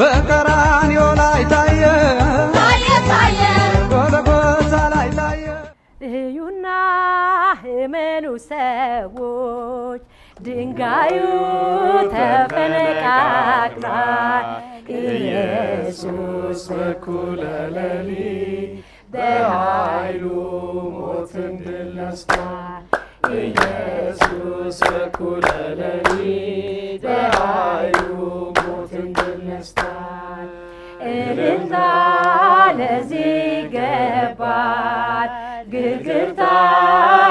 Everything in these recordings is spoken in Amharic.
በቀራንዮ ላይ ታየ ታየ ጎልጎታ ላይ ታየ። እዩና እመኑ ሰዎች ድንጋዩ ተፈነቃቅሏል። ኢየሱስ በኩለ ሌሊት በኃይሉ ሞትን ድል ነስቷል። ኢየሱስ በኩለ ሌሊት በኃይሉ ድንግል ነስታል እልልታ ለዚህ ይገባል፣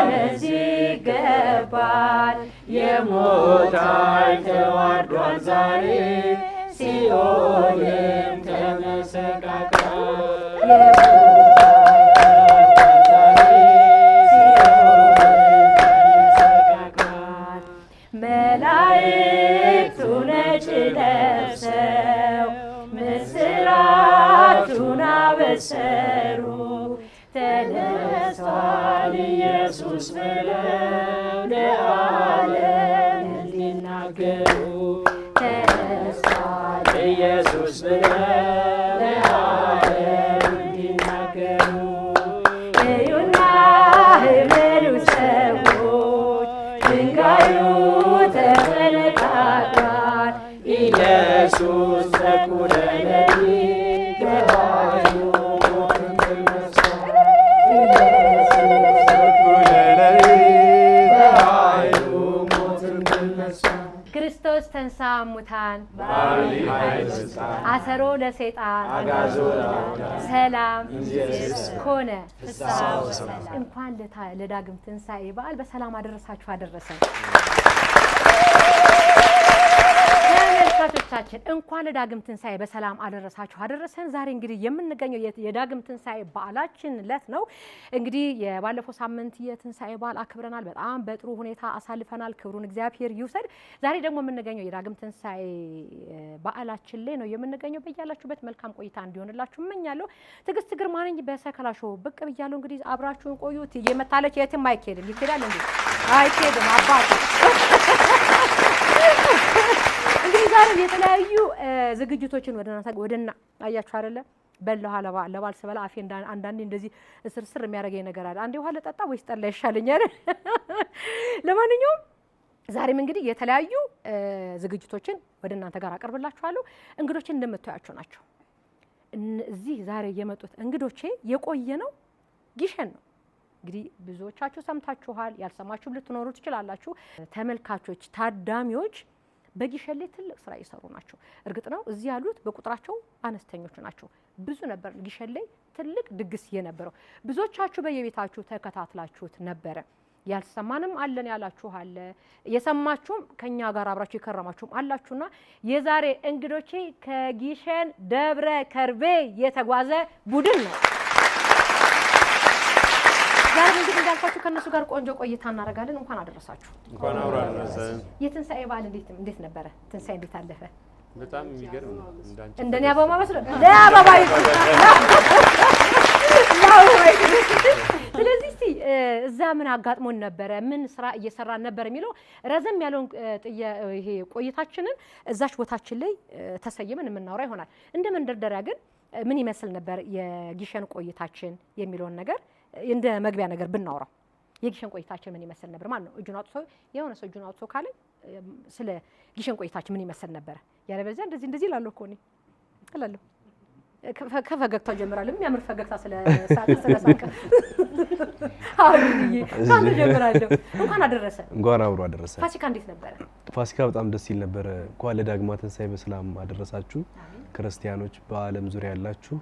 ለዚህ ይገባል። የሞት ኃይል ተዋርዷል ዛሬ ሲኦልም ተመሰቃቅሏል። የምትሰሩ ተነስቷል ኢየሱስ ብለን ለሙታን አሰሮ ለሴጣን ሰላም ኮነ። እንኳን ለዳግም ትንሣኤ በዓል በሰላም አደረሳችሁ አደረሰን። ተመልካቾቻችን እንኳን ለዳግም ትንሳኤ በሰላም አደረሳችሁ አደረሰን። ዛሬ እንግዲህ የምንገኘው የዳግም ትንሳኤ በዓላችን ዕለት ነው። እንግዲህ የባለፈው ሳምንት የትንሳኤ በዓል አክብረናል። በጣም በጥሩ ሁኔታ አሳልፈናል። ክብሩን እግዚአብሔር ይውሰድ። ዛሬ ደግሞ የምንገኘው የዳግም ትንሳኤ በዓላችን ላይ ነው የምንገኘው። በያላችሁበት መልካም ቆይታ እንዲሆንላችሁ እመኛለሁ። ትዕግስት ግርማ ነኝ። በሰከላሾ ብቅ ብያለሁ። እንግዲህ አብራችሁን ቆዩት። እየመታለች የትም አይኬድም፣ ይኬዳል እንዴ? አይኬድም አባቱ ዛሬም የተለያዩ ዝግጅቶችን ወደና ወደና አያችሁ አይደለ በላሁ አለባ ለባል ስበላ አፌ አንዳንዴ እንደዚህ እስርስር የሚያደርገኝ ነገር አለ። አንዴ ውሃ ልጠጣ ወይስ ጠላ ይሻለኛል? ለማንኛውም ዛሬም እንግዲህ የተለያዩ ዝግጅቶችን ወደ እናንተ ጋር አቀርብላችኋለሁ። እንግዶችን እንደምታያቸው ናቸው። እዚህ ዛሬ የመጡት እንግዶቼ የቆየ ነው ጊሸን ነው። እንግዲህ ብዙዎቻችሁ ሰምታችኋል፣ ያልሰማችሁ ልትኖሩ ትችላላችሁ። ተመልካቾች ታዳሚዎች በጊሸሌ ትልቅ ስራ እየሰሩ ናቸው። እርግጥ ነው እዚህ ያሉት በቁጥራቸው አነስተኞች ናቸው። ብዙ ነበር ጊሸሌ ትልቅ ድግስ የነበረው። ብዙዎቻችሁ በየቤታችሁ ተከታትላችሁት ነበረ። ያልሰማንም አለን ያላችሁ አለ፣ የሰማችሁም ከኛ ጋር አብራችሁ የከረማችሁም አላችሁና የዛሬ እንግዶቼ ከጊሸን ደብረ ከርቤ የተጓዘ ቡድን ነው። ዛሬ እንግዲህ እንዳልኳችሁ ከእነሱ ጋር ቆንጆ ቆይታ እናደርጋለን። እንኳን አደረሳችሁ። እንኳን አብራ አደረሰን። የትንሣኤ በዓል እንዴት ነበረ? ትንሣኤ እንዴት አለፈ? በጣም የሚገርም ነው። እንደኔ አበባ መስሎ ለአበባ ስለዚህ እስቲ እዛ ምን አጋጥሞን ነበረ፣ ምን ስራ እየሰራን ነበር የሚለው ረዘም ያለውን ይሄ ቆይታችንን እዛች ቦታችን ላይ ተሰይመን የምናወራ ይሆናል። እንደ መንደርደሪያ ግን ምን ይመስል ነበር የጊሸን ቆይታችን የሚለውን ነገር እንደ መግቢያ ነገር ብናወራው የጊሸን ቆይታችን ምን ይመስል ነበር ማን ነው። እጁን አውጥቶ የሆነ ሰው እጁን አውጥቶ ካለ ስለ ጊሸን ቆይታችን ምን ይመስል ነበር ያለ በዚያ እንደዚህ እንደዚህ እላለሁ እኮ እኔ እላለሁ። ከፈገግታው ጀምራለሁ። የሚያምር ፈገግታ ስለ ስለሳቅ ጀምራለሁ። እንኳን አደረሰ። እንኳን አብሮ አደረሰ። ፋሲካ እንዴት ነበረ? ፋሲካ በጣም ደስ ይል ነበረ። እንኳን ለዳግማ ትንሣኤ በሰላም አደረሳችሁ ክርስቲያኖች፣ በዓለም ዙሪያ ያላችሁ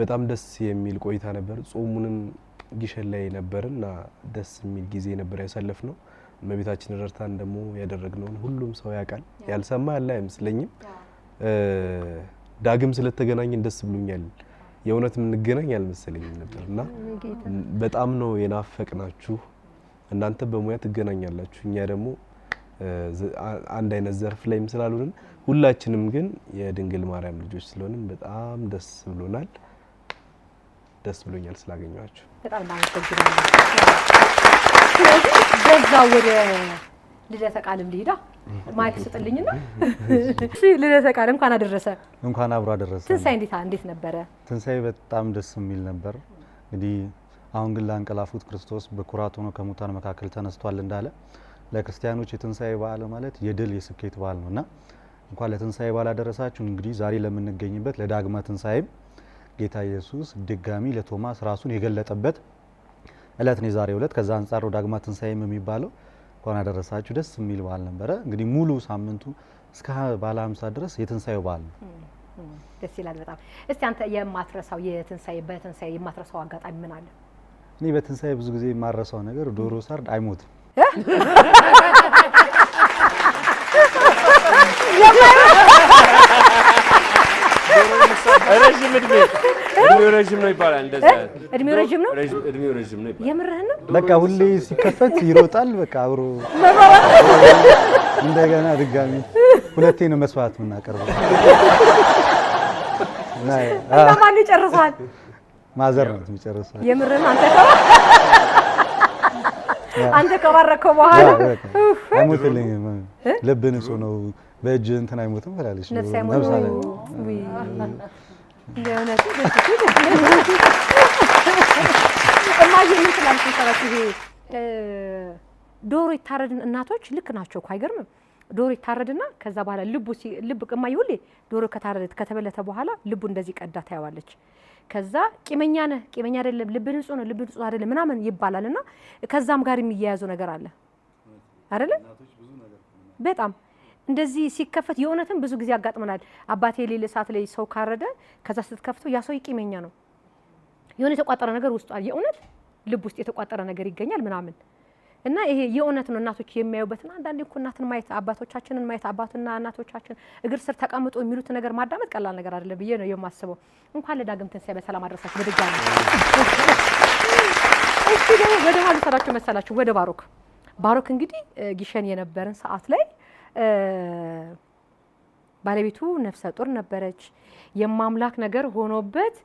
በጣም ደስ የሚል ቆይታ ነበር። ጾሙንም ጊሸን ላይ ነበርና ደስ የሚል ጊዜ ነበር ያሳለፍ ነው። እመቤታችን ረድታን ደግሞ ያደረግነውን ሁሉም ሰው ያውቃል። ያልሰማ ያለ አይመስለኝም። ዳግም ስለተገናኘን ደስ ብሎኛል። የእውነት የምንገናኝ አልመሰለኝም ነበር እና በጣም ነው የናፈቅናችሁ። እናንተ በሙያ ትገናኛላችሁ፣ እኛ ደግሞ አንድ አይነት ዘርፍ ላይ ስላልሆንን ሁላችንም ግን የድንግል ማርያም ልጆች ስለሆንም በጣም ደስ ብሎናል። ደስ ብሎኛል ስላገኘኋችሁ። በጣም አመሰግናለሁ። በዛ ወደ ልደተ ቃልም ልሂዳ ማይክ ስጥልኝና፣ እሺ ልደተ ቃል እንኳን አደረሰ። እንኳን አብሮ አደረሰ። ትንሳኤ እንዴት እንዴት ነበረ? ትንሳኤ በጣም ደስ የሚል ነበር። እንግዲህ አሁን ግን ላንቀላፉት ክርስቶስ በኩራት ሆኖ ከሙታን መካከል ተነስቷል እንዳለ ለክርስቲያኖች የትንሳኤ በዓል ማለት የድል የስኬት በዓል እና እንኳን ለትንሳኤ በዓል አደረሳችሁ። እንግዲህ ዛሬ ለምንገኝበት ለዳግማ ትንሳኤም ጌታ ኢየሱስ ድጋሚ ለቶማስ ራሱን የገለጠበት እለት ነው ዛሬ እለት። ከዛ አንጻር ዳግማ ትንሳኤም የሚባለው እንኳን አደረሳችሁ ደስ የሚል በዓል ነበረ። እንግዲህ ሙሉ ሳምንቱ እስከ ባለ ሀምሳ ድረስ የትንሳኤው በዓል ነው። ደስ ይላል በጣም። እስቲ አንተ የማትረሳው የትንሳኤ በትንሳኤ የማትረሳው አጋጣሚ ምን አለ? እኔ በትንሳኤ ብዙ ጊዜ የማረሳው ነገር ዶሮ ሰርድ አይሞትም። ረዥም እድሜ እድሜው ረዥም ነው ይባላል። እንደዚያ እድሜው ረዥም ነው እድሜው ረዥም ነው ይባላል። የምርህን ነው። በቃ ሁሌ ሲከፈት ይሮጣል። በቃ አብሮ እንደገና ድጋሚ ሁለቴ ነው መስዋዕት የምናቀርበው። እና ማን ይጨርሳል? ማዘር ነው የሚጨርሰው። የምርህን አንተ አንተ ከባረከው በኋላ አይሞትልኝ ልብ ንጹህ ነው፣ በእጅ እንትን አይሞትም ትላለች ነፍስ የእውነቱ እማዬ ምን ትላለች ይሄ ዶሮ ይታረድን እናቶች ልክ ናቸው እኮ አይገርምም? ዶሮ ይታረድና ከዛ በኋላ ልቡ ልብ እማዬ ሁሌ ዶሮ ከታረደት ከተበለተ በኋላ ልቡ እንደዚህ ቀዳ ታየዋለች። ከዛ ቂመኛ ነህ፣ ቂመኛ አይደለም፣ ልብ ንጹህ ነው፣ ልብ ንጹህ አይደለም ምናምን ይባላልና ከዛም ጋር የሚያያዙ ነገር አለ አይደለ? በጣም እንደዚህ ሲከፈት የእውነትም ብዙ ጊዜ ያጋጥመናል። አባቴ የሌለ ሰዓት ላይ ሰው ካረደ ከዛ ስትከፍተው ያ ሰው ይቂመኛ ነው። የሆነ የተቋጠረ ነገር ውስጥ የእውነት ልብ ውስጥ የተቋጠረ ነገር ይገኛል ምናምን እና ይሄ የእውነት ነው። እናቶች የሚያዩበትና አንዳንዴ እኮ እናትን ማየት አባቶቻችንን ማየት አባትና እናቶቻችን እግር ስር ተቀምጦ የሚሉት ነገር ማዳመጥ ቀላል ነገር አይደለም ብዬ ነው የማስበው። እንኳን ለዳግም ትንሣኤ በሰላም አድረሳችሁ። በድጋሚ እሺ፣ ደግሞ ወደ መሰላችሁ ወደ ባሮክ ባሮክ እንግዲህ ጊሸን የነበረን ሰዓት ላይ ባለቤቱ ነፍሰ ጡር ነበረች። የማምላክ ነገር ሆኖበት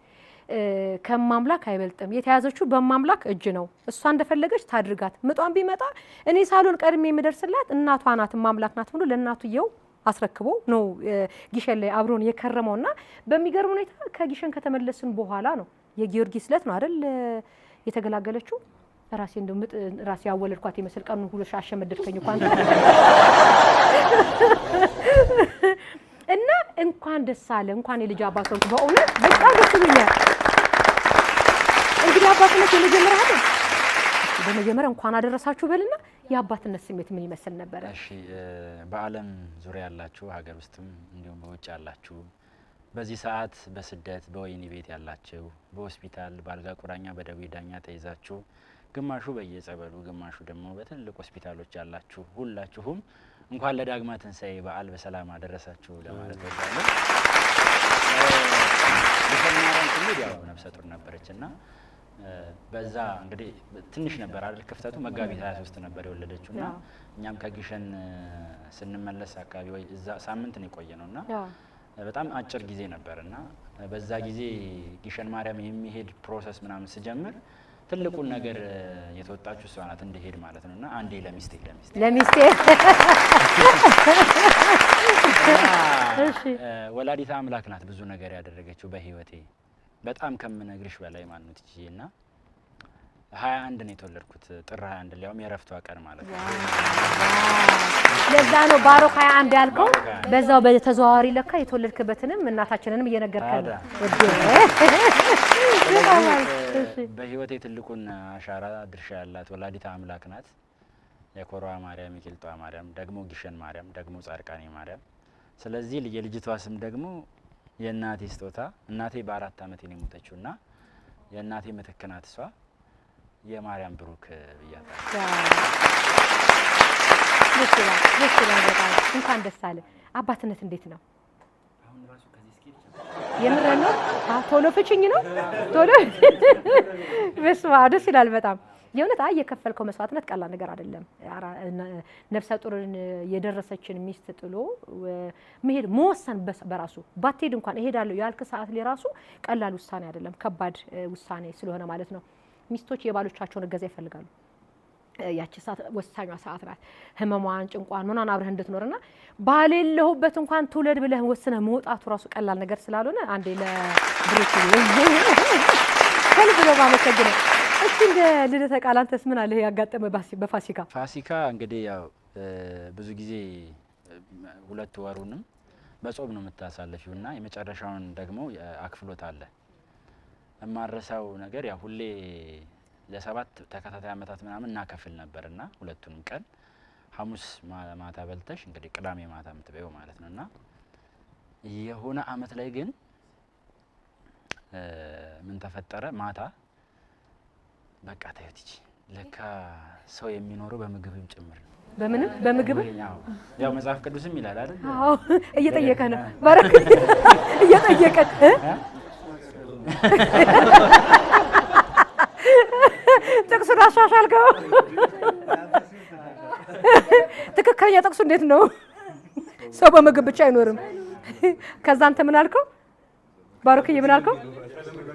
ከማምላክ አይበልጥም። የተያዘችው በማምላክ እጅ ነው። እሷ እንደፈለገች ታድርጋት። ምጧን ቢመጣ እኔ ሳሎን ቀድሜ የምደርስላት እናቷ ናት፣ ማምላክ ናት ብሎ ለእናትየው አስረክቦ ነው ጊሸን ላይ አብሮን የከረመው እና በሚገርም ሁኔታ ከጊሸን ከተመለስን በኋላ ነው የጊዮርጊስ ዕለት ነው አይደል የተገላገለችው። ራሴ እንደው ምጥ ራሴ ያወለድኳት ይመስል ቀኑን ሁሉ አሸመደድከኝ እኮ አንተ እና እንኳን ደስ አለ እንኳን የልጅ አባት ሆንኩ። በእውነት በጣም ደስ ብሎኛል። እንግዲህ አባትነት የመጀመሪያ አይደል? በመጀመሪያ እንኳን አደረሳችሁ በልና የአባትነት ስሜት ምን ይመስል ነበረ? እሺ በአለም ዙሪያ ያላችሁ ሀገር ውስጥም እንዲሁም በውጭ ያላችሁ በዚህ ሰዓት በስደት በወይኒ ቤት ያላችሁ በሆስፒታል በአልጋ ቁራኛ በደዌ ዳኛ ተይዛችሁ ግማሹ በየጸበሉ ግማሹ ደግሞ በትልቅ ሆስፒታሎች ያላችሁ ሁላችሁም እንኳን ለዳግማ ትንሳኤ በዓል በሰላም አደረሳችሁ ለማለት ወዳለን። ማርያም ስንሄድ ያው ነፍሰ ጡር ነበረች እና በዛ እንግዲህ ትንሽ ነበር አይደል ክፍተቱ መጋቢት 23 ነበር የወለደችው እና እኛም ከግሸን ስንመለስ አካባቢ ወይ እዛ ሳምንት ነው የቆየ ነው እና በጣም አጭር ጊዜ ነበር እና በዛ ጊዜ ግሸን ማርያም የሚሄድ ፕሮሰስ ምናምን ስጀምር ትልቁን ነገር የተወጣችሁ እሷ ናት ማለት ነው። እና አንዴ ለሚስቴ ለሚስቴ ወላዲታ አምላክ ናት ብዙ ነገር ያደረገችው በህይወቴ በጣም ከምነግርሽ በላይ ማለት ነው እና ሀያ አንድ ነው የተወለድኩት ጥር ሀያ አንድ ሊያውም የእረፍቷ ቀን ማለት ነው። ለዛ ነው ባሮክ ሀያ አንድ ያልከው። በዛው በተዘዋዋሪ ለካ የተወለድክበትንም እናታችንንም እየነገርከን በህይወቴ ትልቁን አሻራ ድርሻ ያላት ወላዲታ አምላክ ናት። የኮሮዋ ማርያም፣ የቂልጧ ማርያም፣ ደግሞ ጊሸን ማርያም፣ ደግሞ ጻድቃኔ ማርያም። ስለዚህ የልጅቷ ስም ደግሞ የእናቴ ስጦታ። እናቴ በአራት አመቴ ነው የሞተችው እና የእናቴ ምትክ ናት እሷ የማርያም ብሩክ ብያታል። ደስ እንኳን ደስ አለ። አባትነት እንዴት ነው? የምር ነው። ቶሎ ፍችኝ ነው ቶሎ በስመ ደስ ይላል በጣም የእውነት አይ የከፈልከው መስዋዕትነት ቀላል ነገር አይደለም። ነፍሰ ጡርን የደረሰችን ሚስት ጥሎ መሄድ መወሰን በራሱ ባትሄድ እንኳን እሄዳለሁ ያልክ ሰዓት ላይ ራሱ ቀላል ውሳኔ አይደለም፣ ከባድ ውሳኔ ስለሆነ ማለት ነው። ሚስቶች የባሎቻቸውን እገዛ ይፈልጋሉ። ያቺ ሰዓት ወሳኟ ሰዓት ናት። ህመሟን፣ ጭንቋን ምኗን አብረህ እንድትኖርና ባሌለሁበት እንኳን ትውለድ ብለህ ወስነ መውጣቱ ራሱ ቀላል ነገር ስላልሆነ አንዴ ለብሮች ከልብ ነው እስቲ እንደ ልደተ ቃል አንተስ ምን አለህ ያጋጠመ በፋሲካ? ፋሲካ እንግዲህ ያው ብዙ ጊዜ ሁለት ወሩንም በጾም ነው የምታሳለፊው እና የመጨረሻውን ደግሞ አክፍሎት አለ የማረሳው ነገር ያ ሁሌ ለሰባት ተከታታይ አመታት ምናምን እናከፍል ነበር እና ሁለቱንም ቀን ሐሙስ ማታ በልተሽ እንግዲህ ቅዳሜ ማታ የምትበየው ማለት ነው እና የሆነ አመት ላይ ግን ምን ተፈጠረ? ማታ በቃ ታዩትች ለካ ሰው የሚኖረው በምግብም ጭምር ነው። በምንም በምግብ ያው መጽሐፍ ቅዱስም ይላል አይደል? እየጠየቀ ነው። እየጠየቀ ጥቅሱን አሻሻልከው። ትክክለኛ ጥቅሱ እንዴት ነው? ሰው በምግብ ብቻ አይኖርም። ከዛ አንተ ምን አልከው? ባሮክዬ ምን አልከው?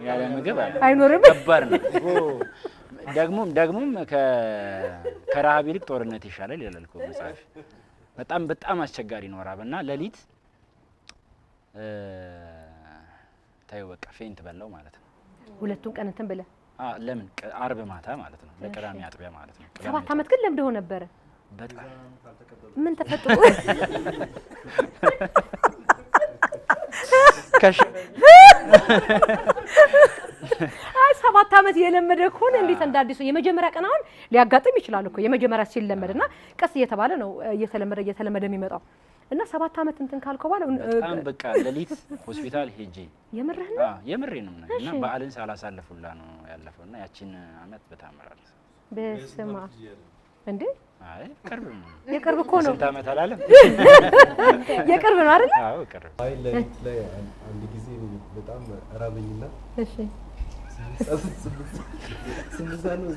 ያለ ምግብ አይኖርም። ከባድ ነው። ደግሞም ደግሞም ከረሃብ ይልቅ ጦርነት ይሻላል ይላል እኮ መጽሐፍ። በጣም በጣም አስቸጋሪ ነው ረሃብ እና ሌሊት ታዩ በቃ ፌንት በላው ማለት ነው። ሁለቱን ቀን እንትን ብለ ለምን አርብ ማታ ማለት ነው ለቅዳሜ አጥቢያ ማለት ነው። ሰባት አመት ግን ለምደው ነበረ። በጣም ምን ተፈጥሮ አይ ሰባት አመት የለመደ ከሆነ እንዴት እንደ አዲሱ የመጀመሪያ ቀን አሁን ሊያጋጥም ይችላል እኮ የመጀመሪያ ሲለመድ እና ቀስ እየተባለ ነው እየተለመደ እየተለመደ የሚመጣው እና ሰባት ዓመት እንትን ካልከው በኋላ በጣም በቃ ሌሊት ሆስፒታል ሄጄ የምርህ ነው የምሬ ነው እና በዓልን ሳላሳልፉላ ነው ያለፈው እና ያቺን አመት በጣም በስማ እንዴ ቅርብ ነው የቅርብ እኮ ነው ስንት ዓመት አላለም የቅርብ ነው አይደል? አዎ ቅርብ። አይ ለሊት ላይ አንድ ጊዜ በጣም ራበኝና እሺ ስንት ነው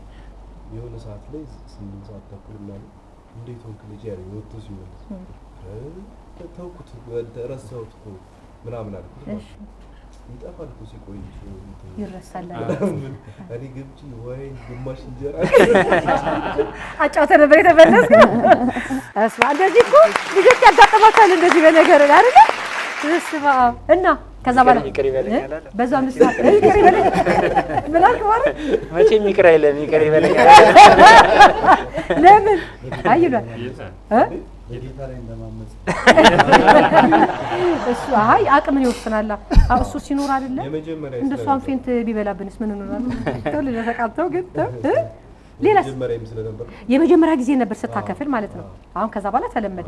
የሆነ ሰዓት ላይ ስምንት ሰዓት ተኩል ምናምን እንዴት ሆንክ ልጅ ያለ ወጥቶ ሲመለስ ተውኩት ረሳሁት እኮ ምናምን አልኩት። ይጠፋል እኮ ሲቆይ ይረሳል። እኔ ገብቼ ወይ ግማሽ እንጀራ አጫውተህ ነበር የተመለስከው። እስማ እንደዚህ እኮ ልጆች ያጋጥማታል እንደዚህ በነገር አይደለ? እስማ እና ከዛ በኋላ ይቅር ይበለኛል። በዛ ምስል ይቅር ይበለኝ ብላክ ማለት መቼም ይቅር አይለም። ይቅር ይበለኛል ለምን አይሏል? እሱ አይ አቅምን ይወስናላ። እሱ ሲኖር አይደለ እንደ እሷን ፌንት ቢበላብንስ ምን እንሆናለን? ተው ለተቃተው ግን ሌላ የመጀመሪያ ጊዜ ነበር ስታከፍል ማለት ነው። አሁን ከዛ በኋላ ተለመደ።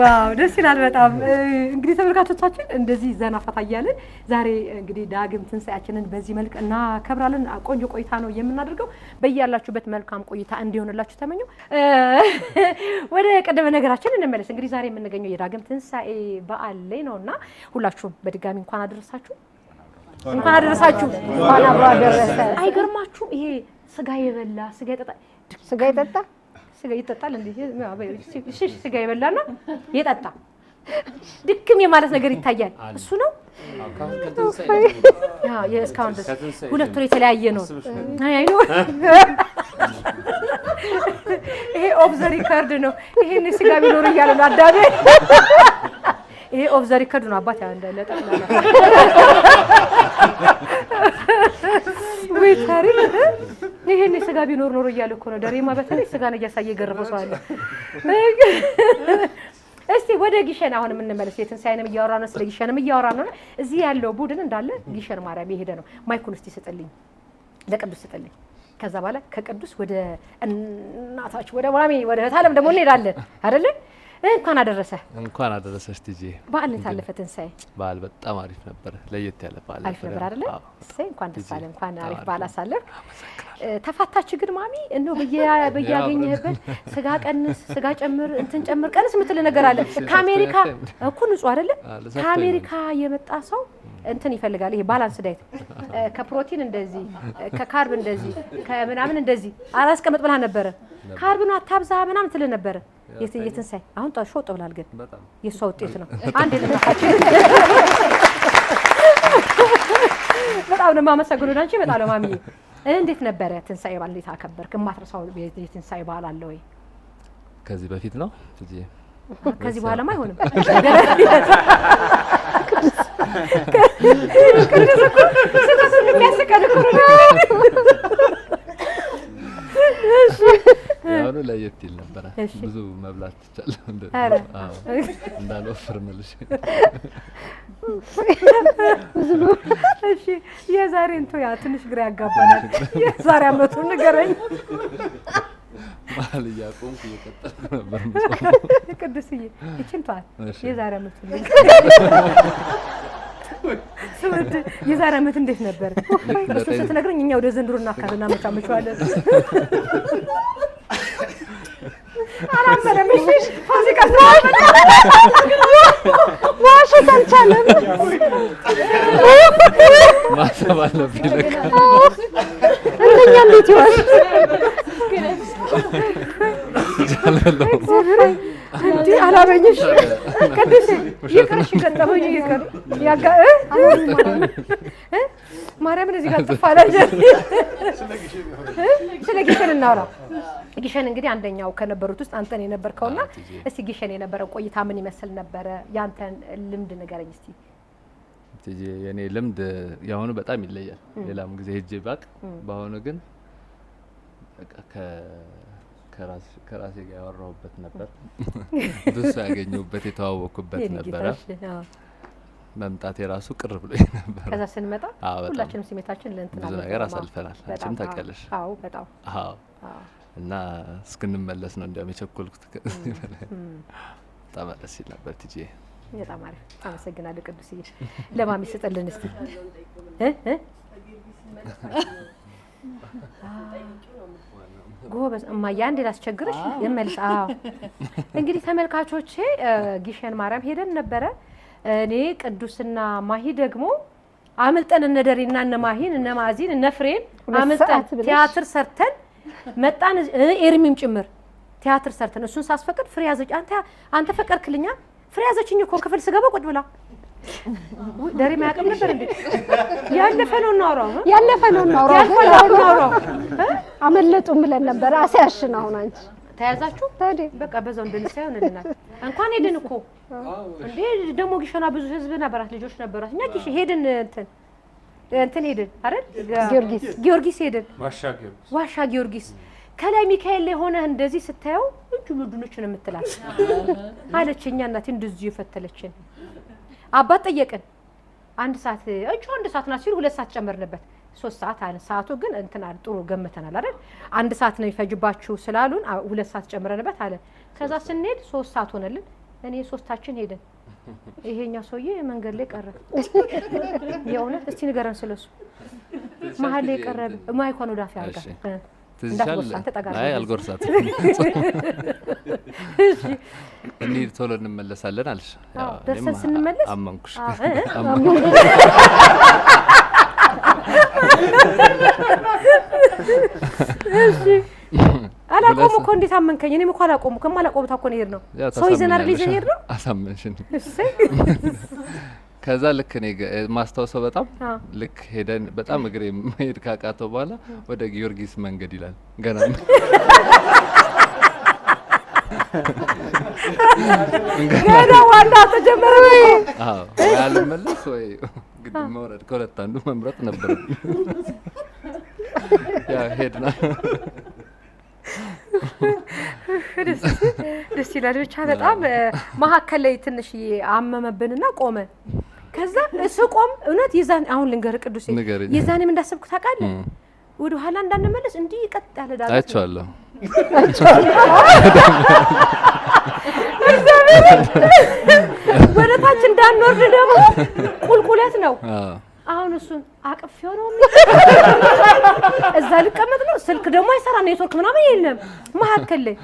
ዋው ደስ ይላል በጣም እንግዲህ ተመልካቾቻችን እንደዚህ ዘና ፈታ እያልን ዛሬ እንግዲህ ዳግም ትንሳኤያችንን በዚህ መልክ እናከብራለን። ቆንጆ ቆይታ ነው የምናደርገው። በያላችሁበት መልካም ቆይታ እንዲሆንላችሁ ተመኘው። ወደ ቀደመ ነገራችን እንመለስ። እንግዲህ ዛሬ የምንገኘው የዳግም ትንሳኤ በዓል ላይ ነው እና ሁላችሁም በድጋሚ እንኳን አደረሳችሁ እንኳን አደረሳችሁ። እንኳን አብሮ አደረሰ። አይገርማችሁም? ይሄ ስጋ የበላ ስጋ የጠጣ ስጋ የጠጣ ስጋ ይጠጣል እንዴ? ሽሽ ስጋ ይበላና ይጠጣ ድክም የማለት ነገር ይታያል። እሱ ነው እስካሁን ድረስ ሁለት የተለያየ ነው። ይሄ ኦፍ ዘ ሪከርድ ነው። ይሄን ስጋ ቢኖር እያለ ነው አዳሜ ይሄ ኦፍ ዘ ሪከርድ ነው አባት ያው እንዳለ ጠቅላላ ወይ ታሪክ ይሄን ስጋ ቢኖር ኖሮ እያለ እኮ ነው። ደሬማ በተለይ ስጋ ነው እያሳየ የገረፈው ሰው አለ። እስቲ ወደ ጊሸን አሁን የምንመለስ የትንሳኤንም እያወራ ነው፣ ስለ ጊሸንም እያወራ ነው። እዚህ ያለው ቡድን እንዳለ ጊሸን ማርያም የሄደ ነው። ማይኩን እስቲ ስጥልኝ፣ ለቅዱስ ስጥልኝ። ከዛ በኋላ ከቅዱስ ወደ እናታች ወደ ማሚ ወደ እህት ዓለም ደግሞ እንሄዳለን አይደለ እንኳን አደረሰ እንኳን አደረሰሽ ትጂ። በዓል እንዴት አለፈ ትንሳኤ? በዓል በጣም አሪፍ ነበረ። ለየት ያለ በዓል አሪፍ ነበር አይደለ? እሰይ እንኳን ደስ አለ። እንኳን አሪፍ በዓል አሳለፍ። ተፋታች ግን ማሚ እንደው በያገኘህበት ስጋ ቀንስ፣ ስጋ ጨምር፣ እንትን ጨምር፣ ቀንስ የምትል ነገር አለ። ከአሜሪካ እኮ ንጹህ አይደለ? ከአሜሪካ የመጣ ሰው እንትን ይፈልጋል። ይሄ ባላንስ ዳይት ከፕሮቲን እንደዚህ ከካርብ እንደዚህ ከምናምን እንደዚህ አላስቀምጥ ብላ ነበረ። ካርብን አታብዛ ምናምን ትል ነበረ የትንሳኤ አሁን ሾጥ ብላል፣ ግን የእሷ ውጤት ነው። አንድ በጣም ነው የማመሰግነው አንቺ በጣም ነው ማሚዬ። እንዴት ነበረ ትንሳኤ በዓል እንዴት አከበርክ? የማትረሳው የትንሳኤ በዓል አለ ወይ? ከዚህ በፊት ነው ከዚህ በኋላ አይሆንም። ስህተቱን የሚያስቀድ እኮ ነው። ያሁኑ ለየት ይል ነበረ። ብዙ መብላት ትቻለ እንዳልወፍር ምልሽ። እሺ የዛሬ እንቶ ያ ትንሽ ግራ ያጋባናል። የዛሬ አመቱ ንገረኝ። ማል እያቆምኩ እየቀጠል ነበር። ቅዱስዬ እችን ተዋል። የዛሬ አመቱ የዛሬ አመት እንዴት ነበር? እሱ ስትነግረኝ እኛ ወደ ዘንድሮ እናካልና መቻመቸዋለን። ዋሸት አልቻለም። ማሰብ አለብኝ ለካ እንደኛ እንዴት ይሆን? አላበኝሽ ቅዱስ ይቅርሽ ገጠመኝ ይቅር ማርያምን እዚህ ጋር ጥፋ ስለ ጊሸን እናውራ። ጊሸን እንግዲህ አንደኛው ከነበሩት ውስጥ አንተን የነበርከውና እስቲ ጊሸን የነበረው ቆይታ ምን ይመስል ነበረ? ያንተን ልምድ ንገረኝ እስቲ። የእኔ ልምድ የአሁኑ በጣም ይለያል። ሌላም ጊዜ ሄጄ ባቅ በአሁኑ ግን ከራሴ ጋር ያወራሁበት ነበር፣ ብዙ ያገኘሁበት የተዋወቅኩበት ነበረ መምጣት የራሱ ቅር ብሎ ነበር። ከዛ ስንመጣ ሁላችንም ስሜታችን ለእንትና ብዙ ነገር አሳልፈናል። አንቺም ታውቂያለሽ። አዎ በጣም አዎ። እና እስክንመለስ ነው እንዲያውም የቸኮልኩት። በጣም ደስ ይል ነበር ትጂ። በጣም አሪፍ አመሰግናለሁ ቅዱስዬ። ለማሚ ስጠልን እስቲ ጎበዝ እማዬ አንዴ ላስቸግርሽ የመልስ። አዎ እንግዲህ ተመልካቾቼ ጊሸን ማርያም ሄደን ነበረ እኔ ቅዱስና ማሂ ደግሞ አምልጠን እነ ደሬና እነ ማሂን እነ ማዚን እነ ፍሬን አምልጠን ቲያትር ሰርተን መጣን። ኤርሚም ጭምር ቲያትር ሰርተን እሱን ሳስፈቅድ ፍሬ ያዘች። አንተ አንተ ፈቀድክልኛ? ፍሬ ያዘችኝ እኮ ክፍል ስገባ ቁጭ ብላ ደሬ ማያውቅም ነበር እንዴ? ያለፈ ነው እናውራው፣ ያለፈ ነው እናውራው፣ አመለጡም ብለን ነበር። አስያሽን አሁን አንቺ ተያዛችሁ ታዲያ በቃ በዛው እንደነሳ ይሆንልናል። እንኳን ሄድን እኮ እንዴ ደግሞ ጊሸና ብዙ ህዝብ ነበራት፣ ልጆች ነበራት። እኛ ጊሽ ሄድን እንትን እንትን ሄድን አይደል ጊዮርጊስ ጊዮርጊስ ሄድን ዋሻ ጊዮርጊስ ከላይ ሚካኤል ላይ ሆነ እንደዚህ ስታየው እጁ ምንድኖችን የምትላል አለችኛ እናቴ እንደዚሁ የፈተለችን አባት ጠየቅን። አንድ ሰዓት እጁ አንድ ሰዓት ናት ሲሉ ሁለት ሰዓት ጨመርንበት። ሶስት ሰዓት አለ። ሰዓቱ ግን እንትን ጥሩ ገምተናል አይደል? አንድ ሰዓት ነው ይፈጅባችሁ ስላሉን ሁለት ሰዓት ጨምረንበት አለ። ከዛ ስንሄድ ሶስት ሰዓት ሆነልን። እኔ ሶስታችን ሄደን ይሄኛው ሰውዬ መንገድ ላይ ቀረ። የእውነት እስቲ ንገረን ስለሱ። መሀል ላይ ቀረ። ማይኳን ወዳፊ አርጋ አልጎርሳት እንሂድ፣ ቶሎ እንመለሳለን አልሽ። ደርሰን ስንመለስ አመንኩሽ። እሺ አላቆሙ እኮ እንዴት አመንከኝ? እኔም እኮ አላቆሙ ከም ከማላቆሙ ታኮ ነው የሄድነው። ሰው ይዘን አይደል ይዘን የሄድነው። አሳመንሽን። ከዛ ልክ እኔ ማስታወሰው በጣም ልክ ሄደን በጣም እግሬ መሄድ ካቃተው በኋላ ወደ ጊዮርጊስ መንገድ ይላል ገና ገና ዋና ተጀመረ ወይ ያልመለስ ወይ ግድ መውረድ ከሁለት አንዱ መምረጥ ነበር። ያው ሄድና ደስ ይላል። ብቻ በጣም መሀከል ላይ ትንሽ አመመብንና ቆመ። ከዛ እሱ ቆም እውነት የዛን አሁን ልንገር ቅዱሴ የዛኔም እንዳሰብኩ ታውቃለህ ወደ ኋላ እንዳንመለስ እንዲህ ቀጥ ያለ ዳገት አይቼዋለሁ። ወደ ታች እንዳንወርድ ደግሞ ቁልቁለት ነው። አሁን እሱን አቅፌው ነው እዛ ልቀመጥ ነው። ስልክ ደግሞ አይሰራ፣ ኔትወርክ ምናምን የለም መሀከል ላይ።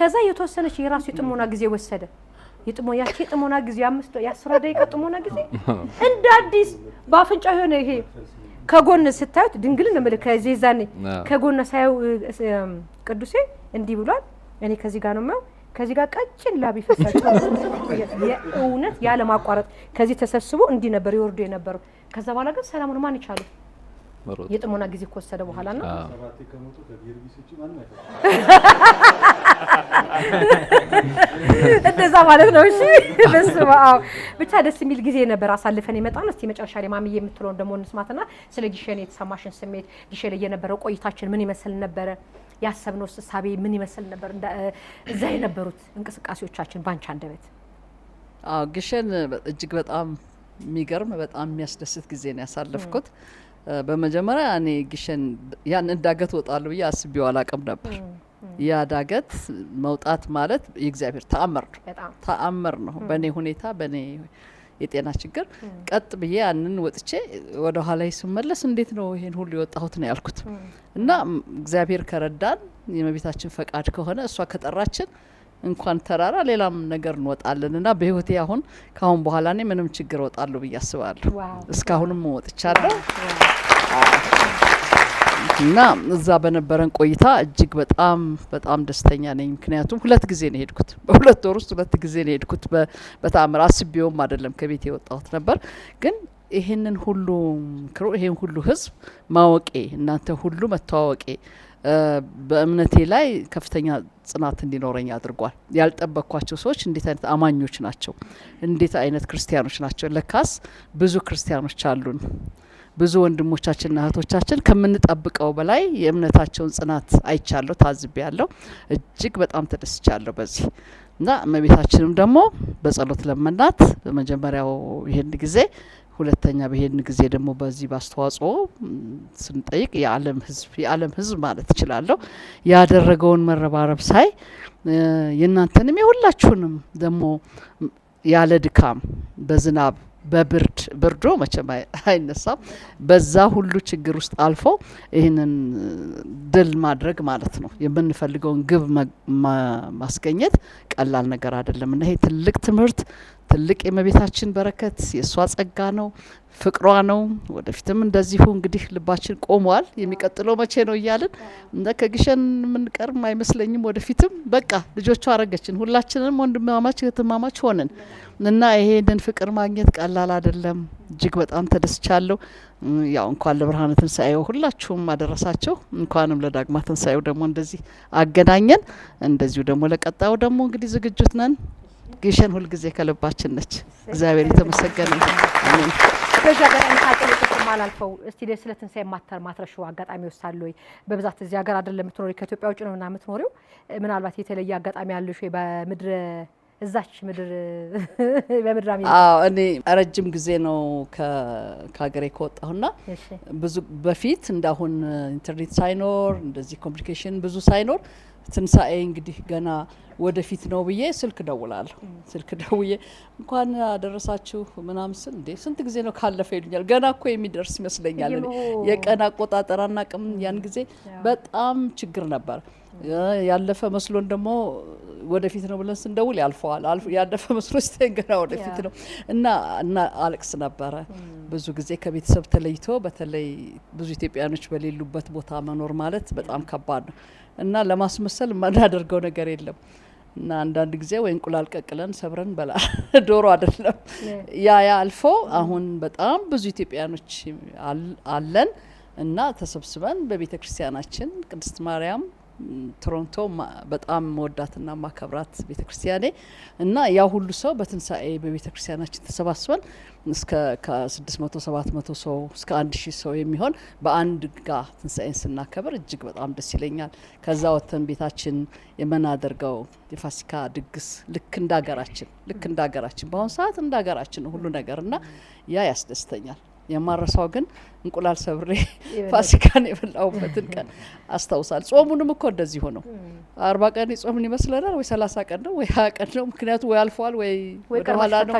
ከዛ የተወሰነች የራሱ የጥሞና ጊዜ ወሰደ። ያቺ የጥሞና ጊዜ አምስት የአስራ ደቂቃ ጥሞና ጊዜ እንደ አዲስ በአፍንጫ የሆነ ይሄ ከጎን ስታዩት ድንግል ነው መልክ ከዚህ ዛኔ ከጎን ሳየው ቅዱሴ እንዲህ ብሏል። እኔ ከዚህ ጋር ነው የማየው። ከዚህ ጋር ቀጭን ላብ ይፈሳቸው የእውነት ያለማቋረጥ ከዚህ ተሰብስቦ እንዲህ ነበር ይወርዱ የነበረው። ከዛ በኋላ ግን ሰላሙን ማን ይቻለው? የጥሞና ጊዜ ከወሰደ በኋላ ነው። እንደዛ ማለት ነው። እሺ በስመ አብ ብቻ ደስ የሚል ጊዜ ነበር አሳልፈን የመጣን። እስቲ መጨረሻ ላይ ማሚዬ የምትለውን ደግሞ እንስማትና ስለ ጊሸን የተሰማሽን ስሜት፣ ጊሸ ላይ የነበረው ቆይታችን ምን ይመስል ነበረ? ያሰብነው እሳቤ ምን ይመስል ነበር? እዛ የነበሩት እንቅስቃሴዎቻችን ባንቺ አንደበት። አዎ ግሸን እጅግ በጣም የሚገርም በጣም የሚያስደስት ጊዜ ነው ያሳለፍኩት። በመጀመሪያ እኔ ግሸን ያን ዳገት ወጣለሁ ብዬ አስቤው አላቅም ነበር። ያ ዳገት መውጣት ማለት የእግዚአብሔር ተአምር ነው፣ ተአምር ነው። በእኔ ሁኔታ በእኔ የጤና ችግር ቀጥ ብዬ ያንን ወጥቼ ወደ ኋላ ስመለስ እንዴት ነው ይሄን ሁሉ የወጣሁት ነው ያልኩት። እና እግዚአብሔር ከረዳን የመቤታችን ፈቃድ ከሆነ እሷ ከጠራችን እንኳን ተራራ ሌላም ነገር እንወጣለን እና በህይወቴ አሁን ከአሁን በኋላ እኔ ምንም ችግር እወጣለሁ ብዬ አስባለሁ። እስካሁንም ወጥቻለሁ። እና እዛ በነበረን ቆይታ እጅግ በጣም በጣም ደስተኛ ነኝ። ምክንያቱም ሁለት ጊዜ ነው የሄድኩት፣ በሁለት ወር ውስጥ ሁለት ጊዜ ነው የሄድኩት። በተአምር አስቤውም አይደለም ከቤት የወጣሁት ነበር። ግን ይህንን ሁሉ ምክሮ ይህን ሁሉ ህዝብ ማወቄ እናንተ ሁሉ መተዋወቄ በእምነቴ ላይ ከፍተኛ ጽናት እንዲኖረኝ አድርጓል። ያልጠበቅኳቸው ሰዎች እንዴት አይነት አማኞች ናቸው፣ እንዴት አይነት ክርስቲያኖች ናቸው፣ ለካስ ብዙ ክርስቲያኖች አሉን ብዙ ወንድሞቻችንና እህቶቻችን ከምንጠብቀው በላይ የእምነታቸውን ጽናት አይቻለሁ፣ ታዝቤ እጅግ በጣም ተደስቻለሁ በዚህ እና እመቤታችንም ደግሞ በጸሎት ለመናት በመጀመሪያው ይህን ጊዜ ሁለተኛ በሄድን ጊዜ ደግሞ በዚህ በአስተዋጽኦ ስንጠይቅ የዓለም ሕዝብ የዓለም ሕዝብ ማለት እችላለሁ ያደረገውን መረባረብ ሳይ የእናንተንም የሁላችሁንም ደግሞ ያለ ድካም በዝናብ በብርድ ብርዶ መቼም አይነሳም። በዛ ሁሉ ችግር ውስጥ አልፎ ይህንን ድል ማድረግ ማለት ነው የምንፈልገውን ግብ ማስገኘት ቀላል ነገር አይደለም እና ይሄ ትልቅ ትምህርት ትልቅ የእመቤታችን በረከት የእሷ ጸጋ ነው፣ ፍቅሯ ነው። ወደፊትም እንደዚሁ እንግዲህ ልባችን ቆሟል። የሚቀጥለው መቼ ነው እያልን እንደ ከግሸን የምንቀርም አይመስለኝም። ወደፊትም በቃ ልጆቿ አረገችን፣ ሁላችንም ወንድማማች እህትማማች ሆንን እና ይሄንን ፍቅር ማግኘት ቀላል አይደለም። እጅግ በጣም ተደስቻለሁ። ያው እንኳን ለብርሃነ ትንሳኤው ሁላችሁም አደረሳቸው። እንኳንም ለዳግማ ትንሳኤው ደግሞ እንደዚህ አገናኘን። እንደዚሁ ደግሞ ለቀጣዩ ደግሞ እንግዲህ ዝግጁት ነን። ግሸን ሁልጊዜ ከልባችን ነች። እግዚአብሔር የተመሰገነ ይሁን። በዚህ አጋጣሚ ታቄ ጥቅም አላልፈው እስቲ ስለ ትንሳኤ ማተር ማትረሹ አጋጣሚ ውስጥ ወይ? በብዛት እዚህ ሀገር አደለ የምትኖሪ ከኢትዮጵያ ውጭ ነው እና የምትኖሪው ምናልባት የተለየ አጋጣሚ ያለሽ በምድር እዛች ምድር በምድር አሜሪካ? አዎ እኔ ረጅም ጊዜ ነው ከሀገሬ ከወጣሁና ብዙ በፊት እንደ አሁን ኢንተርኔት ሳይኖር እንደዚህ ኮሚኒኬሽን ብዙ ሳይኖር ትንሳኤ እንግዲህ ገና ወደፊት ነው ብዬ ስልክ ደውላለሁ። ስልክ ደውዬ እንኳን አደረሳችሁ ምናምን ስል እንዴ ስንት ጊዜ ነው ካለፈ ይሉኛል። ገና እኮ የሚደርስ ይመስለኛል። የቀን አቆጣጠር አናቅም። ያን ጊዜ በጣም ችግር ነበር። ያለፈ መስሎን ደግሞ ወደፊት ነው ብለን ስንደውል ያልፈዋል። ያለፈ መስሎ ሲታየን ገና ወደፊት ነው እና እና አልቅስ ነበረ ብዙ ጊዜ ከቤተሰብ ተለይቶ በተለይ ብዙ ኢትዮጵያኖች በሌሉበት ቦታ መኖር ማለት በጣም ከባድ ነው እና ለማስመሰል የምናደርገው ነገር የለም እና አንዳንድ ጊዜ ወይ እንቁላል ቀቅለን ሰብረን በላ ዶሮ አይደለም። ያ ያ አልፎ አሁን በጣም ብዙ ኢትዮጵያኖች አለን እና ተሰብስበን በቤተ ክርስቲያናችን ቅድስት ማርያም ቶሮንቶ በጣም መወዳትና ማከብራት ቤተክርስቲያኔ እና ያ ሁሉ ሰው በትንሳኤ በቤተክርስቲያናችን ተሰባስበን እስከ ከስድስት መቶ ሰባት መቶ ሰው እስከ አንድ ሺህ ሰው የሚሆን በአንድ ጋ ትንሳኤን ስናከብር እጅግ በጣም ደስ ይለኛል። ከዛ ወጥተን ቤታችን የምናደርገው የፋሲካ ድግስ ልክ እንደ ሀገራችን ልክ እንደ ሀገራችን በአሁኑ ሰዓት እንደ ሀገራችን ሁሉ ነገር እና ያ ያስደስተኛል። የማረሳው ግን እንቁላል ሰብሬ ፋሲካን የበላውበትን ቀን አስታውሳል። ጾሙንም እኮ እንደዚህ ሆነው አርባ ቀን ይጾምን ይመስለናል ወይ ሰላሳ ቀን ነው ወይ ሀያ ቀን ነው። ምክንያቱ ወይ አልፏል ወይ ወደኋላ ነው።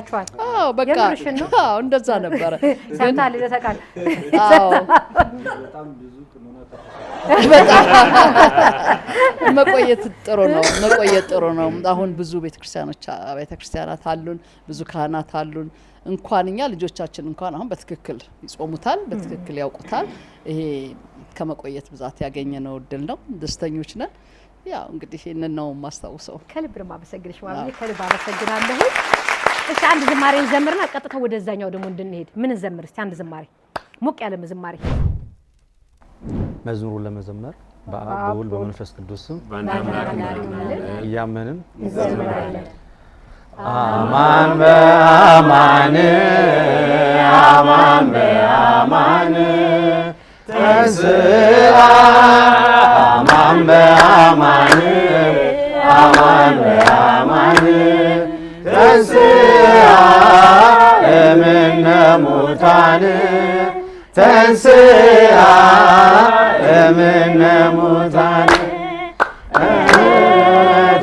አዎ በቃ እንደዛ ነበረ። መቆየት ጥሩ ነው። መቆየት ጥሩ ነው። አሁን ብዙ ቤተክርስቲያኖች ቤተክርስቲያናት አሉን፣ ብዙ ካህናት አሉን። እንኳን እኛ ልጆቻችን እንኳን አሁን በትክክል ይጾሙታል፣ በትክክል ያውቁታል። ይሄ ከመቆየት ብዛት ያገኘ ነው እድል ነው። ደስተኞች ነን። ያው እንግዲህ ይህንን ነው የማስታውሰው። ከልብ ነው የማመሰግንሽ ማሚ፣ ከልብ አመሰግናለሁ። እሺ አንድ ዝማሬ እንዘምርና ቀጥታ ወደዛኛው ደግሞ እንድንሄድ ምን እንዘምር እስቲ? አንድ ዝማሬ ሞቅ ያለ ዝማሬ መዝሙሩን ለመዘመር በአብ በውል በመንፈስ ቅዱስም እያመንን አማን በአማን አማን በአማን ተስአ አማን በአማን አማን በአማን ተንሥአ እምነ ሙታን ተንሥአ እምነ ሙታን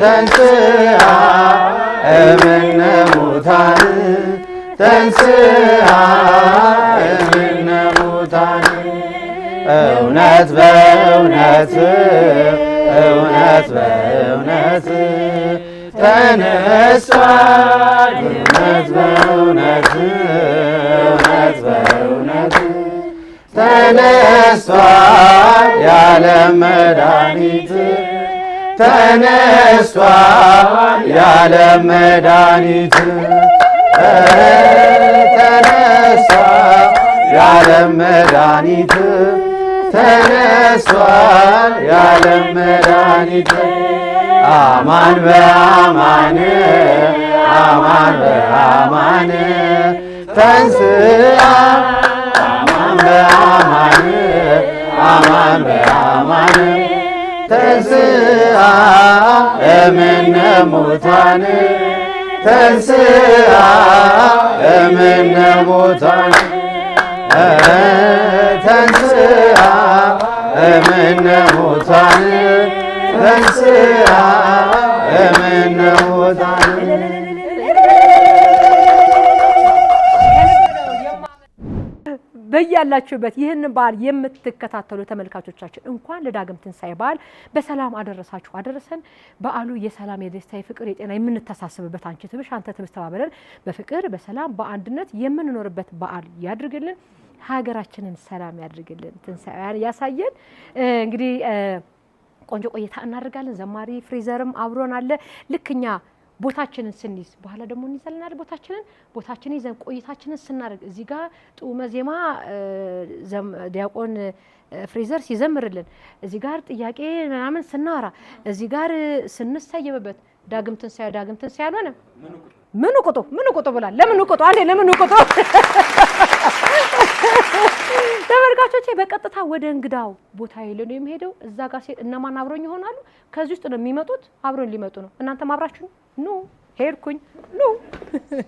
ተንሥአ እምነ ሙታን ተንሥአ እውነት በእውነት እውነት በእውነት ተነስቷል እውነት በእውነት እውነት በእውነት ተነስቷል ያለ መድኃኒት ተነስቷል የዓለም መድኃኒት ተነስቷል የዓለም መድኃኒት ተነስቷል ያለም መድኃኒት አማን በአማን አማን በአማን ተንስአ አማን በአማን አማን በአማን ተንስአ እምነ ሙታን ተንስአ እምነ ሙታን ተንስአ እምነ ሙታን ተንስአ እምነ ሙታን በያላችሁበት ይህን በዓል የምትከታተሉ ተመልካቾቻችን እንኳን ለዳግም ትንሳኤ በዓል በሰላም አደረሳችሁ አደረሰን። በዓሉ የሰላም የደስታ የፍቅር የጤና የምንተሳስብበት አንቺ ትብሽ አንተ ትብስ ተባብለን በፍቅር በሰላም በአንድነት የምንኖርበት በዓል ያድርግልን። ሀገራችንን ሰላም ያድርግልን። ትንሣኤ ያሳየን። እንግዲህ ቆንጆ ቆይታ እናደርጋለን። ዘማሪ ፍሪዘርም አብሮን አለ ልክኛ ቦታችንን ስንይዝ በኋላ ደግሞ እንይዛልናል። ቦታችንን ቦታችን ይዘን ቆይታችንን ስናደርግ እዚህ ጋር ጡመ ዜማ ዲያቆን ፍሬዘር ሲዘምርልን እዚህ ጋር ጥያቄ ምናምን ስናወራ እዚህ ጋር ስንሰየምበት ዳግም ትንሣኤ ዳግም ትንሣኤ አልሆነም። ምኑ ቁጡ ምኑ ቁጡ ብላል። ለምኑ ቁጡ አንዴ ለምኑ ቁጡ። ተመልካቾቼ በቀጥታ ወደ እንግዳው ቦታ የለ ነው የሚሄደው። እዛ ጋር እነማን አብሮኝ ይሆናሉ? ከዚህ ውስጥ ነው የሚመጡት። አብሮኝ ሊመጡ ነው። እናንተም አብራችሁ nu, hercunha, nu.